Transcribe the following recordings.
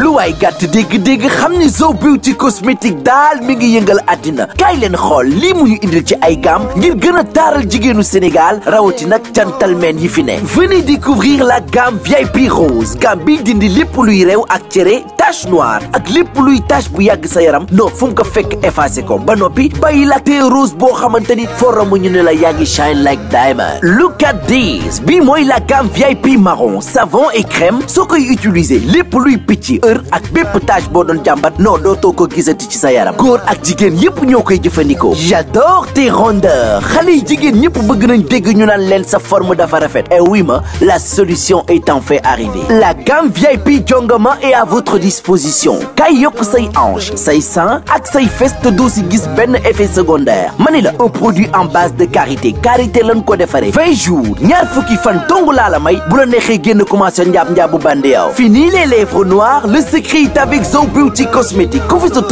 lu waay gàtt dégg-dégg xam ni Zo ci cosmétique daal mi ngi yëngal àddina kaay leen xool lii mu ñu indil ci ay gamme ngir gën a taaral jigéenu Sénégal rawati nag gentlemen yi fi ne venez découvrir la gamme pi rose gamme bi dindi lépp luy réew ak cere tache noire ak lépp luy tache bu yàgg sa yaram non fu mu ko fekk effacé ko ba noppi bay la tey rose boo xamante ni foramu ñu ne la yàgg ngi shine like diamond look at this bii mooy la gamme VIP marron savon crème soo koy utiliser lépp luy picc heure ak bépp tache boo doon jàmbat non dootoo ko gisati ci sa yaram góor ak jigéen yépp ñoo koy jëfandikoo j'adore tes rondeurs xale yi jigéen ñëpp bëgg nañ dégg ñu naan leen sa forme dafa rafet et eh oui ma la solution est en fait arrivée la gamme VIP Jongama est à votre disposition kay yokk say ange say sein ak say fes te doo si gis benn effet secondaire ma ne la un produit en base de karité karité lañ ko defaree 20 jours ñaar fukki fan dong laa la may bu la neexee génn commencé njàpp Pape Ndiabou Bandiao fini les lèvres noires le secret est avec Zo Beauty Cosmétique ku fi sa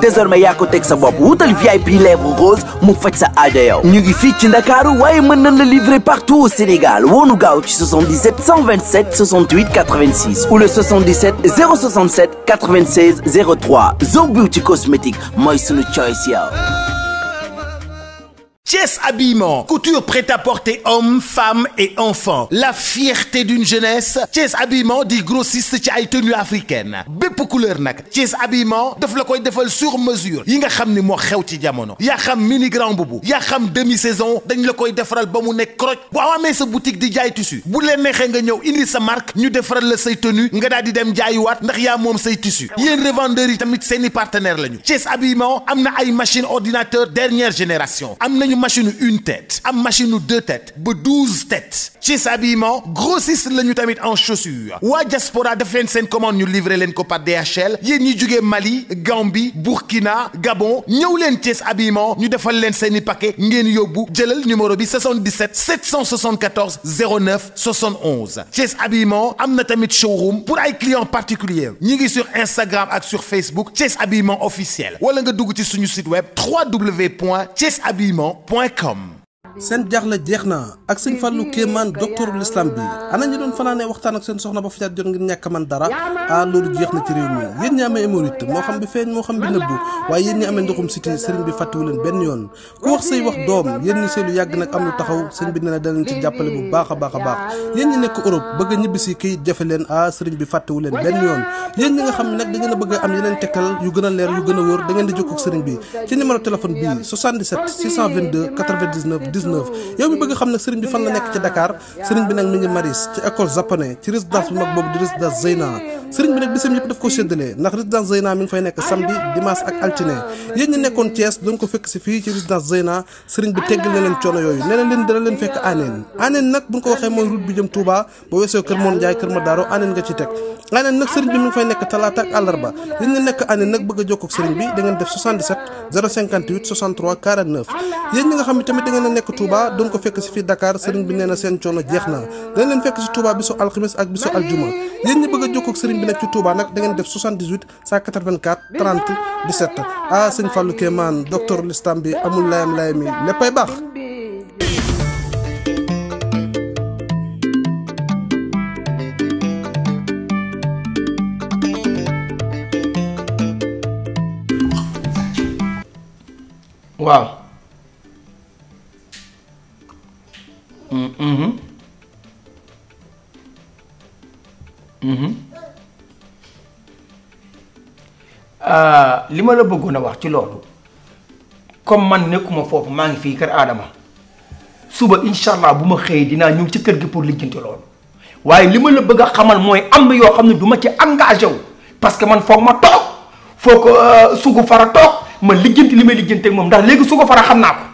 désormais yaa ko teg sa bopp VIP lèvres roses mu faj sa aajo yow ñu ngi fii ci Ndakaaru waaye mën nañ la livrer partout au Sénégal woonu gaaw ci 77 127 68 86 ou le 77 067 96 03 Zo Beauty Cosmétique mooy sunu choice yow Chess Habillement, couture prêt-à-porter hommes, femmes et enfants. La fierté d'une jeunesse. Chess Habillement dit grossiste ci ay tenues africaines. bepou couleur nag. Yes Habillement daf la de defal sur mesure. yi un xam ni moo xew ci jamono. yaa xam mini grand boubou. y'a xam demi saison. dañ la koy defaral ba mu nekk croc. boo amee sa boutique di jaay tissu. bu leen neexee nga ñëw indi sa marque. ñu defaral la say tenue. nga daal di dem jaayiwaat. ndax yaa moom say tissu. yéen revendeurs yi tamit seeni partenaires lañu. Chess Habillement am na ay machine ordinateur dernière génération. am machine une tête am machine deux têtes be douze têtes ci habillement grossisse le ñu en chaussures à diaspora de fin de commande ñu livrer leen ko par DHL yéen ñi jugee Mali Gambie Burkina Gabon nous l'en chez habillement nous defal l'enseigner seen i paquet ngeen j'ai jëlal numéro bi 77 774 09 71 Chez habillement amnatamit showroom pour les clients particuliers ñi ngi sur Instagram et sur Facebook chez habillement officiel Ou nga dugg sur notre site web habillement www.lesbiennesdumont.com seen jaaxle jeex na ak sëñ Fallou Kéemaan docteur l'islam bi ana ñu doon fanaanee waxtaan ak seen soxna ba fajaat jot ngir ñàkk man dara ah loolu jeex na ci réew mi yéen ñi amee hémorroïde moo xam bi feeñ moo xam bi nëbbu waaye yéen ñi amee ndoxum siti sëriñ bi fàttewu leen benn yoon ku wax say wax doom yéen ñi seelu yàgg nag am lu taxaw sëñ bi nee na danañ ci jàppale bu baax a baax a baax yéen ñi nekk Europe bëgg ñibbisi kayit jafe leen ah, a bëgg 19 yow mi bëgg xam nag sëriñ bi fan la nekk ci Dakar sëriñ bi nag mi ngi Maris ci école japonais ci résidence bu mag boobu di résidence Zeyna sëriñ bi nag bisam yëpp daf ko séddale ndax ci résidence Zeyna sëriñ bi teggal na coono yooyu nee na leen dana leen fekk aneen aneen nag buñ ko waxee mooy route bi jëm Touba ba weesoo Kër Moon Njaay Kër Madaaro aneen nga ci teg aneen nag sëriñ bi mi ngi fay nekk talaata ak àllarba yéen ñi nekk aneen nag yeen ñi nga xam tamit da ngeen nekk Touba doon ko fekk ci fi Dakar serigne bi neena seen choono jeexna na dañ leen fekk ci Touba bisu alxames ak bisu aljuma yeen ñi bëgg jokk ak serigne bi nak ci Touba nak da ngeen def 78 184 30 17 ah sëñ Fallou Keman docteur l'islam bi amul layam layam yi léppay baax waaw Mm que je lima la wax ci lolu comme man nekuma fofu ma ngi fi kër Adama suba incha buma xey dina ñu ci kër gi pour lolu waye lima la bëgg xamal engagé parce que man foog ma toog foog euh, sugu fara tok ma ak ndax fara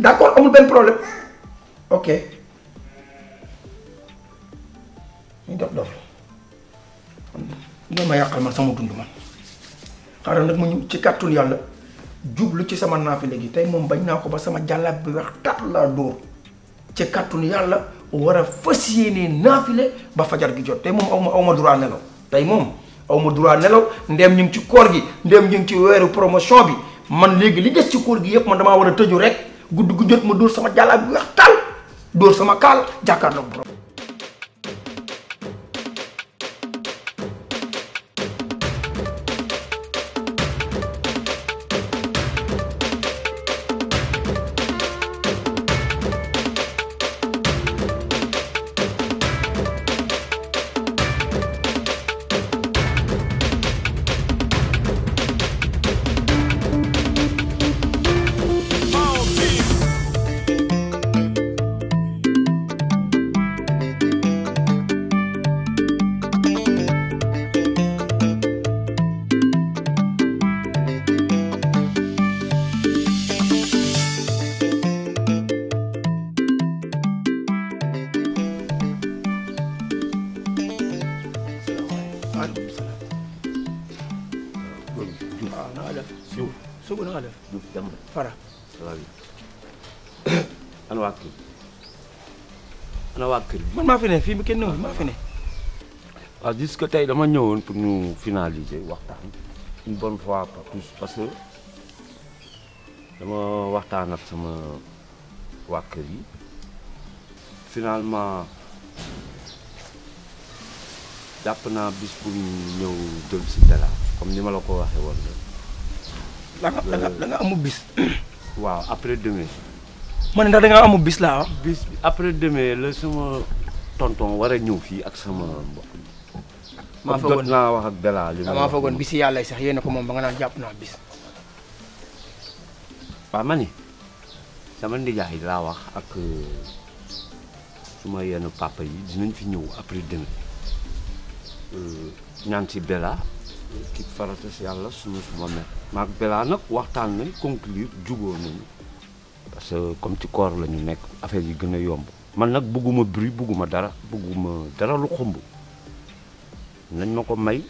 d'accord amul benn problème ok ñu dof dof loolu ma yàqal man sama dund man xaaral nag mu ñu ci kàttul yàlla jublu ci sama naafi léegi tey moom bañ naa ko ba sama jàllaab bi wax tat laa dóor ci kàttul yàlla war a fas yéene naafile ba fajar gi jot tey moom aw ma aw ma droit nelaw tey moom aw ma droit nelaw ndem ñu ngi ci koor gi ndem ñu ngi ci weeru promotion bi man léegi li des ci koor gi yëpp ma damaa war a tëju rek guddi gu jot ma dóor sama jàllaa bu weex taal dóor sama kaal jàkkaarloog borom Fara. Salaam. ana waa kër ana waa kër man maa fi ne fii kenn ñëwul maa fi ne. tey dama ñëwoon pour ñu Un dama sama waa yi finalement jàpp naa bis pour ñu ñëw si ni ko da nga da amu bis waaw après demain man ndax da nga amu bis laa bis après demain la sama tonton war a ñëw ak sama mbokk Ma fagoon na wax ak eh, eh, bela li maa fagoon bis yàlla sax yéen ko mom ba nga naan bis ba mani ni ndi ndijaay la wax ak suma papa yi dinañ fi ñëw après demain ñaan ci bela kii farata si yàlla suñu suma mel maag Bella nag waxtaan nañ conclure juboo nañu parce que comme ci koor la ñu nekk affaire yi gën a yomb man nag bugguma bruit bugguma dara bugguma dara lu xumb nañ ma ko may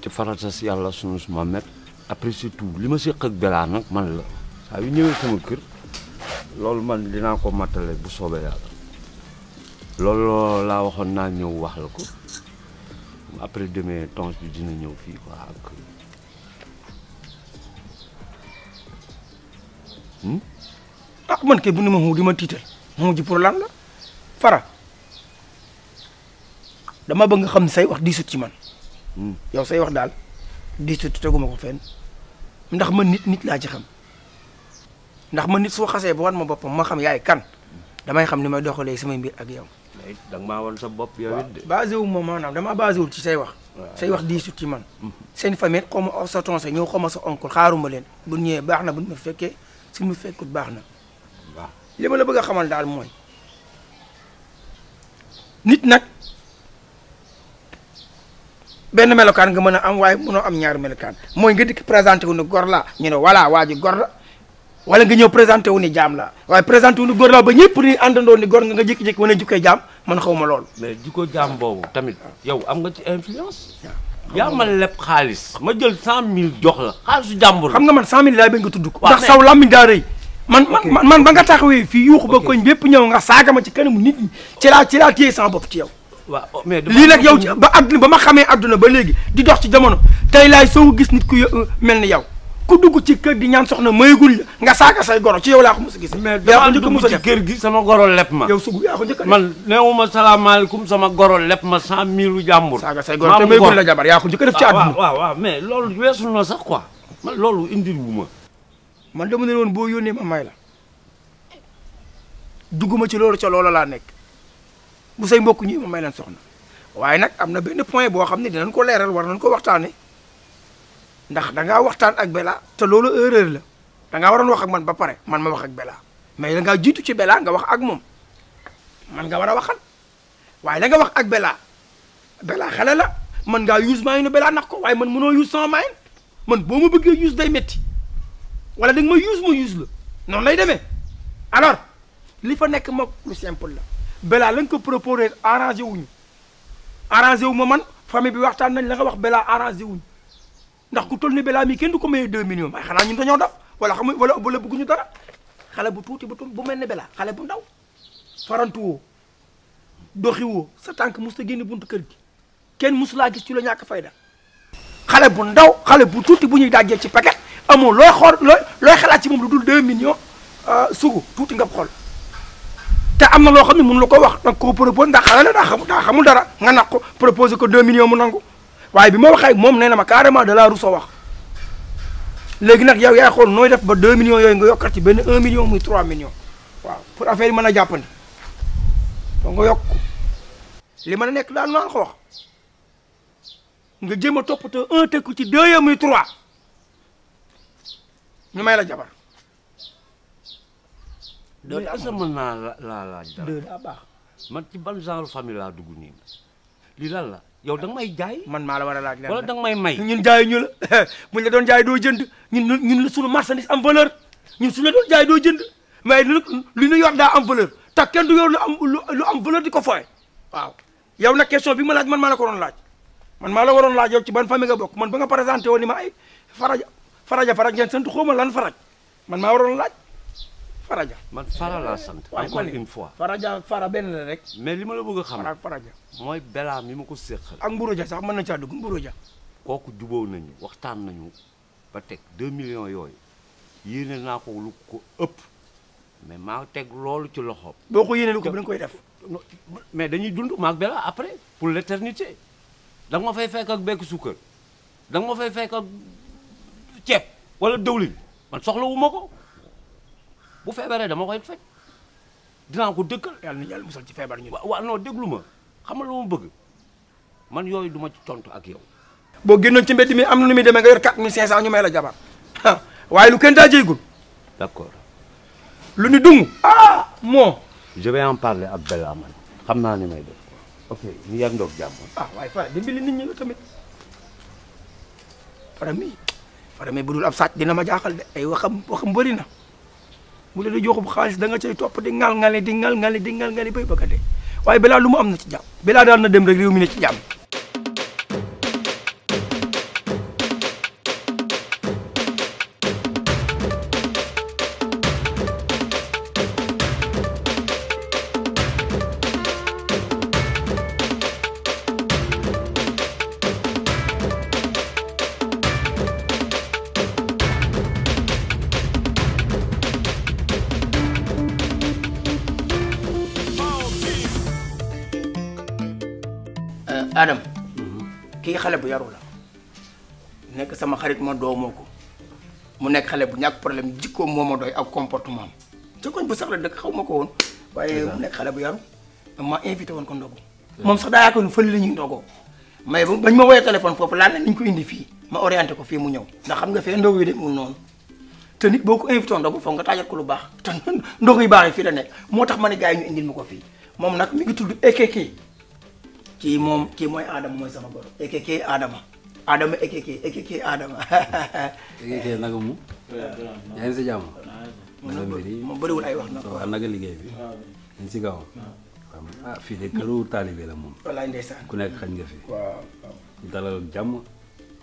ci farata si yàlla suñu suma mel après surtout li ma séq ak Bella nag man la saa yu ñëwee sama kër loolu man dinaa ko mattale bu soobee yàlla loolu laa waxoon naa ñëw wax la ko après demain tonge bi dina ñëw fii quoi ak. Hmm? Ah, man kay bu ne ma xaw di ma tiital ma ji pour lan la fara dama bëgg nga xam say wax diisut ci man. Hmm. yow say wax daal diisut teguma ko fen ndax man nit nit laa ci xam ndax man nit soo xasee ba wan ma boppam ma xam yaay kan damay xam ni may doxalee samay mbir ak yow. Eh, da nga maa woon sa bopp yow wu ma maanaam dama basé wul ci say wax. say wax diisut ci man. Mm-hmm. seen famille xaw ma sa tonse ñëw xaw ma sa oncle xaaruma leen bu ñëwee baax na bu ñu fekkee si suñu fekkut baax na. waaw li ma la bëgg daal mooy nit nag benn melokaan nga mën a am waaye mënoo am ñaari melokaan mooy nga dikk présenté wu ne gor laa ñu ne voilà waa gor la wala nga ñëw présenté wu ni jaam la waaye présenté wu ni góor ba ñëpp ni àndandoo ni góor nga nga jékki-jékki wane jikkoy jaam man xaw ma lool mais jikko jaam boobu tamit yow am nga ci influence yaa ma leb xaalis ma jël cent mille jox la xaalisu jàmbur xam nga man cent mille laay bañ nga tudd ko ndax saw lammiñ daa rëy man man man ba nga taxawee fii yuuxu ba koñ bépp ñëw nga saaga ma ci kanamu nit ñi ci laa ci laa téye sama bopp ci yow waaw oh, mais lii nag yow ba adduna ba ma xamee adduna ba léegi di dox ci jamono tey laay soo gis nit ku mel ni yow ku dugg ci kër di ñaan soxna mayagul nga saaga say goro ci yow laa ko mos a gis. mais ci kër gi sama goro lepp ma. yow sugu yaa ko njëkk a def man neewuma salaamaaleykum sama goro lepp ma cent mille jàmbur. saaga say goro te mayagul la jabar yaa ko njëkk a def ci ah, àdduna. waaw waaw mais loolu weesu na sax quoi man loolu indil wu ma. man dama ne woon boo yónnee ma may la dugguma ci loolu ca loola laa nekk bu say mbokk ñi ma may leen soxna waaye nag am benn point boo xam dinañ ko leeral war nañ ko waxtaanee. ndax da ngaa waxtaan ak Bella te loolu erreur la da ngaa waroon wax ak man ba pare man ma wax ak belaa mais da ngaa jiitu ci belaa nga wax ak moom man nga war a waxal waaye da nga wax ak Bella Bella xale la man ngaa use maa nu Bella nax ko waaye man mënoo use sama maay man boo ma bëggee use day métti wala da nga ma use ma use la noonu lay demee alors li fa nekk ma lu simple la Bella la nga ko proposé arrangé wuñu arrangé wu ma man famille bi waxtaan nañ la nga wax Bella arrangé wuñu ndax ku tolni bela mi kenn du ko maye 2 millions waaye xanaa ñun dañoo dof wala xamu wala wala ñu dara xale bu tuti bu tum bu melni bela Bella bu ndaw farantu wo doxi wo sa tank musta ta buntu kër gi kenn mosu gis ci lo ñàkk fayda xale bu ndaw xale bu tuti bu ñuy dajje ci paquet amoo looy xor looy looy xalaat ci mom lu dul 2 millions euh sugu tuti nga xol te am na loo xam ne mënu la ko wax nak ko propose ndax xale la daa xamul dara nga nag ko proposé ko deux millions mu nangu waaye bi ma waxee moom nee na ma carrément de la rusa wax nag yow yaay xool nooy def ba 2 millions yooyu nga yokkat ci benn 1 million muy 3 millions waaw pour affaire yi mën a jàppandi donc nga yokk li mën a nekk daal maa ko wax nga jéem a toppatoo un tekku ci deux muy trois ñu may la jabar. deux daa baax mën naa la laaj dara deux man ci ban genre famille laa dugg nii la. yow da may jaay. man maa la war a laaj wala da may may. ñun jaay ñu la buñ doon jaay doo jënd ñun ñun la suñu marchandise ñun suñu la doon jaay doo jënd mais lu ñu yor daa am valeur te kenn du yor lu am lu am valeur di ko fooye waaw yow nag question bi ma laaj man maa la ko doon laaj man maa la waroon laaj ci ban famille nga bokk man ba nga présenté woon ni ma ay faraja faraj ngeen sant xaw ma lan faraj man maa waroon laaj. Faraja. man Fara laa sant. encore une fois Faraja Fara benn la rek. mais li ma la bëgg a xam. Faraja mooy Bella mi ma ko séqal. ak Mburoja sax mën na caa dugg Mburoja. kooku jubóo nañu waxtaan nañu ba teg 2 millions yooyu yéene naa ko lu ko ëpp mais maa teg loolu ci loxoom. boo ko yéene lu ko da nga koy def. mais dañuy dund maag Bella après pour l'éternité da nga ma fay fekk ak bekk suukar da nga ma fay fekk ak ceeb wala dëwlin man soxlawu ma ko. bu febaré dama koy fajj dina ko deugal yalla na yàlla musal ci febar ñu wa, non déglu xam lu ma bëgg man yoy duma ci tontu ak yow bo gennon ci mbeddi mi am nu muy nga yor 4500 ñu may la jabar lu kenta jeegul d'accord lu ni dung ah mo je vais en parler ak bel Amane xamna ni may def ok ñu yak ndok jàmm ah fa Fara dimbali nit ñi tamit Fara mi mi bu dul ab sat dina ma jaxal de ay waxam waxam bari na mu dia di joxub xaalis da nga apa topp di ngal ngale di ngal ngale di ngal ngale bay bëgg a dee bela balaa lu mu am na ci daal na dem rek mi ne ci Adam kii xale bu yaru la nekk sama xarit ma doomoo ko mu nekk xale bu ñàkk problème jikkoom moo ma doy ak comportement ci koñ bu sax la dëkk xaw ma ko woon waaye mu nekk xale bu yaru ma invité woon ko ndogu moom sax daa yaakaar ne feul li ñuy ndogoo mais bañ ma woyé téléphone foofu la ne nañ ko indi fi ma orienté ko fi mu ñew ndax xam nga fee ndog yi demul non te nit boo ko invité woon ndogu nga taajal ko lu baax te ndogu yu baax yi la nekk motax mané gaay ñu indi ma ko fii moom nag mi ngi tudd Ekeke kii moom kii mooy Adama mooy sama goro ekeke aadama Adama ekeke ekeke Adama. ekeke naka mu. yaa si jàmm. moom bëriwul ay wax na ko. waaw naka liggéey bi. ñu si gaaw. Ah, fii de këru taalibe la moom. wallaay ndeysaan ku nekk xañ nga fi. dalal jàmm.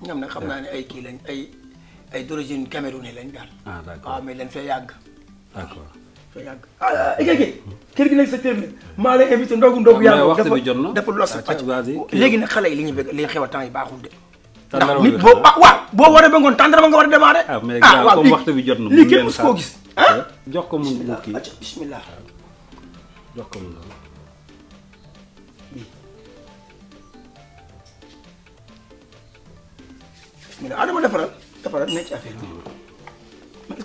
ñoom nag xam naa ne ay kii lañ ay ay d'origine Cameroun lañ daal. ah d'accord waaw ah, lañ fee yàgg. te yàgg ah, ah, eh, gi nag sa kër la maa lay invité ndogu ndogu yàlla waxtu bi na dafa lu la sa pàcc léegi nag xale yi li ñu bëgg a temps yi baaxul de ndax boo ah waaw boo waree ba ngoon tàndarama nga war a démarré ah, ah waaw comme waxtu bi lii kenn su gis ah eh, jox ko mun kii bismillah jox ko mun bismillah adama defaral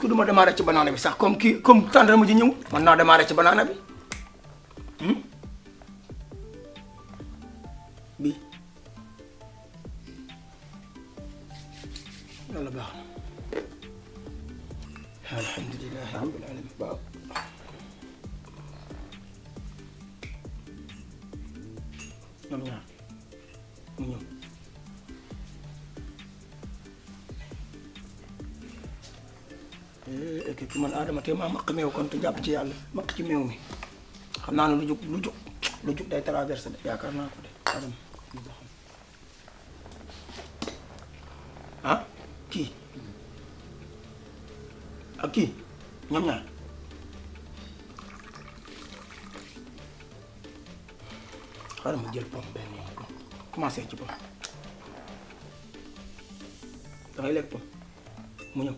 ku ce que du ma démarrer ci banaana bi sax comme kii comme tàndarma ji ñëw mën naa démarrer ci banaana bi te ma maq meew kon jàpp ci yàlla maq ci meew mi xam naa ne lu jug ah, ah, ci pom dangay lekk pom mu ñëw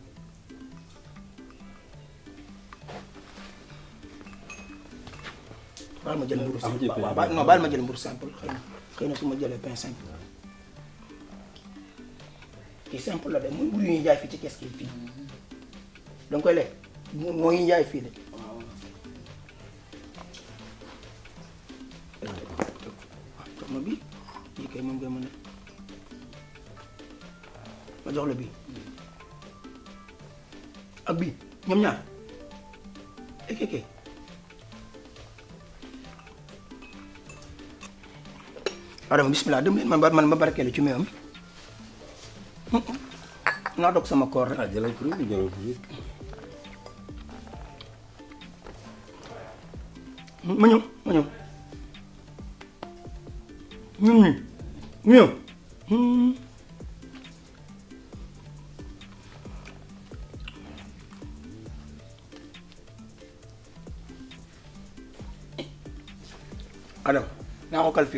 non ma jël mburu simple waaw waaw non baal ma jël mburu simple non na xëy na su ma jëlee pain simple kii simple la Il mooy mburu yu ñuy jaay Il ci kees gi fii da Il koy lekk moo ñuy jaay fii de. jox ma adam bismillah dem len man man ma barkel ci meum na dok sama kor. rek ah jëlal fruit bi jëlal fruit ma ñëw ma ñëw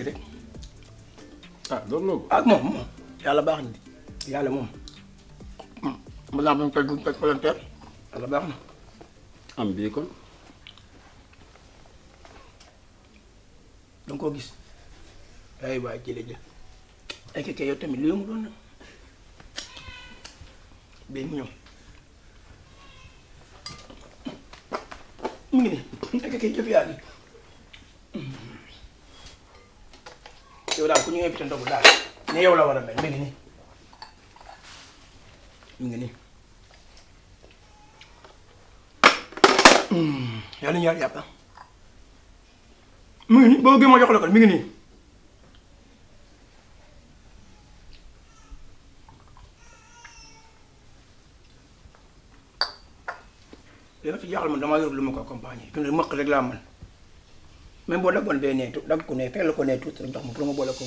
ñu ah loolu moom moom yàlla baax na yàlla moom. mën naa am koy buñ koy volontaire. yàlla baax na. am bii kon. da gis. ay waay ci jël. ay keke tamit lu yëngu doon na. bee mu mu ngi nii ay yaa ngi. yow daal ku ñu invité ndogu daal ne yow la war mm, a mi ngi nii mi ngi nii. a mi ngi nii boo gën ma la ko mi ngi nii. li ma ci jaaxal man damaa yor lu ma ko accompagner. gën a mëq rek laa man mais bon la bonne bene la connaît elle le connaît tout donc pour moi bon la comme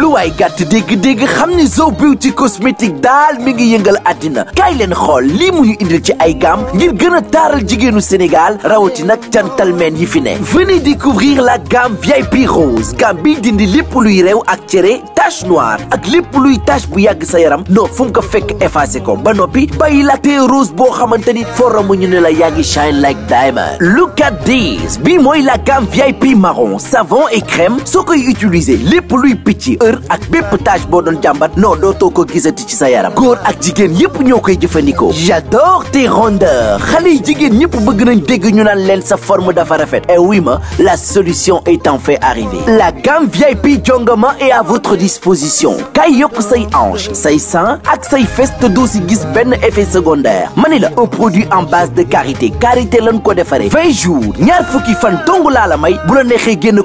lu waay gàtt dégg-dégg xam ni Zo ci cosmétique daal mi ngi yëngal àddina kaay leen xool lii mu ñu indil ci ay gamme ngir gën a taaral jigéenu Sénégal rawati nag gentlemen yi fi ne venez découvrir la gamme VIP rose gamme bi dindi lépp luy réew ak cere Noir noire ak lepp luy tache bu yag sa yaram non fum que ko fekk effacer ko ba noppi bàyyi lacté rose boo xamante forum foramu ñu ne la yaa shine like diamond. look at this bimoy moy la gamme VIP marron savon et crème soko koy utiliser lepp luy petit heure ak bepp tache bo don jambat non dootoo ko gisati ci sa yaram gor ak jigen yépp ñokay jëfëndiko j'adore tes rondeurs xale jigen jigéen bëgg nañ dégg ñu naan leen sa forme dafa rafet et eh oui ma la solution est en fait arrivée la gamme VIP jongama est à votre disposition exposition Kay yokk say hanche say sein ak say feste dosi gis ben effet secondaire Manila, un produit en base de karité karité quoi ko faire. 20 jours Nyal Fuki fan Tongo la may bu la neexee génn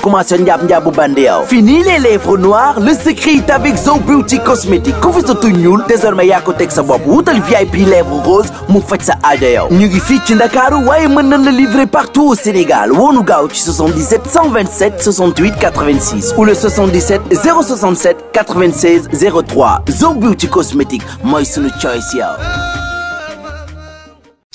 nyab njaab fini les lèvres noires le secret est avec Zo Beauty Cosmétique ku fi désormais yaa ko tek sa bop. VIP lèvres rose, mu sa aajo yow ñu ci Ndakaaru livrer partout au Sénégal Wonu 77 127 68 86 ou le 77 067 96 03 Zo Beauty Cosmétique mooy sunu choice Yeah.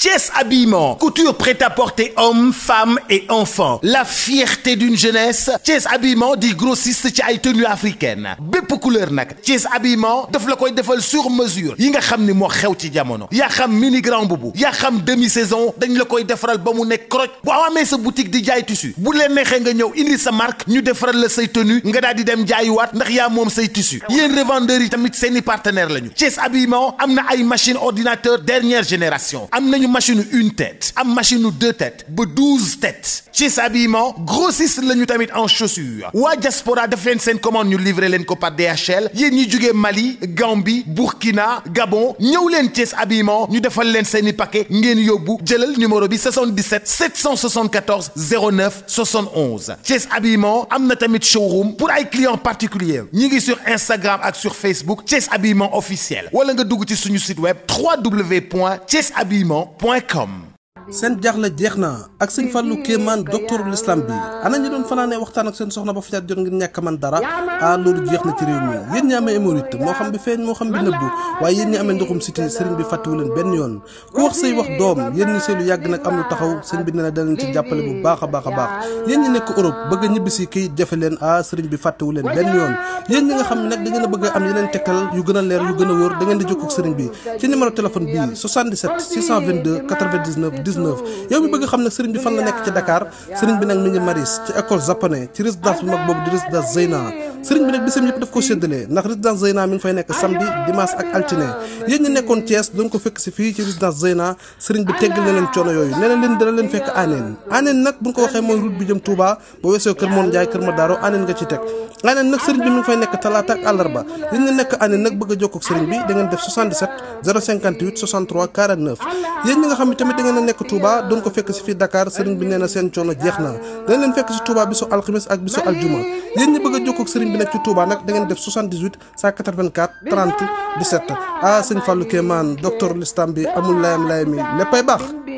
Yes Habillement, couture prêt-à-porter hommes, femmes et enfants. La fierté d'une jeunesse. Yes Habillement dit grossiste ci ay tenues africaines. bépp couleur nak. Yes Habillement de la koy defal sur mesure. yi nga ni moi xew ci jamono. Y'a xam mini grand boubou. Y'a xam demi saison D'un la koy defaral ba mu nek croc. boo amee sa boutique de jaay tissu. bu ne neexee nga ñëw indi sa marque. ñu defaral le say tenue nga daal di dem jaayiwaat ndax yaa mom say tissu. yéen revendeurs yi tamit seeni partenaires lañu. Habillement amna na machine ordinateur dernière génération Amna machine une tête am machine deux têtes be douze têtes ci habillement grossisse le ñu en chaussures Wa diaspora de 25 commandes commande ñu livrer leen ko par DHL yéen ñi Mali Gambie Burkina Gabon ñëw l'en chez habillement ñu defal leen seen i paquet ngeen j'ai jëlal numéro bi 77 774 09 71 Chez habillement am showroom pour ay clients particuliers ñi sur Instagram ak sur Facebook chez habillement officiel Ou nga dugg ci suñu site web www.thieshabillement com. seen jaaxle jeex na ak sëñ Fallou Kéemaan docteur l'islam bi ana ñu doon fanaanee waxtaan ak seen soxna ba fajaat jot ngir ñàkk man dara ah loolu jeex na ci réew mi yéen ñi amee émorite moo xam bi feeñ moo xam bi nëbbu waaye yéen ñi amee ndoxum cité sëriñ bi fàttewu leen benn yoon ku wax say wax doom yéen ñi seelu yàgg nag am lu taxaw sëñ bi na danañ ci jàppale bu baax a baax a baax yéen ñi nekk Europe bëgg ñibbisi kayit jafe leen ah, da a sëriñ bi ci 19 yow mi bëgg xam nag sëriñ bi fan la nekk ci dakaar sëriñ bi nag mi ngi Maris ci école japonais ci résidence bu mag boobu di résidence Zeyna sëriñ bi nag bisam yëpp daf ko séddale ndax résidence Zeyna mi ngi fay nekk samedi dimanche ak altine yéen ñi nekkoon Thiès doon ko fekk ci résidence Zeyna sëriñ bi teggal seen coono jeex na dana leen fekk si Touba bisu alxames ak bisu aljuma yéen bëgg a jokkoo ak sëriñ bi bi nekk ci Touba nag da ngeen def 78 184 30 17 ah sëñ Fallou Kéemaan docteur l'islam bi amul layam layam yi léppay baax.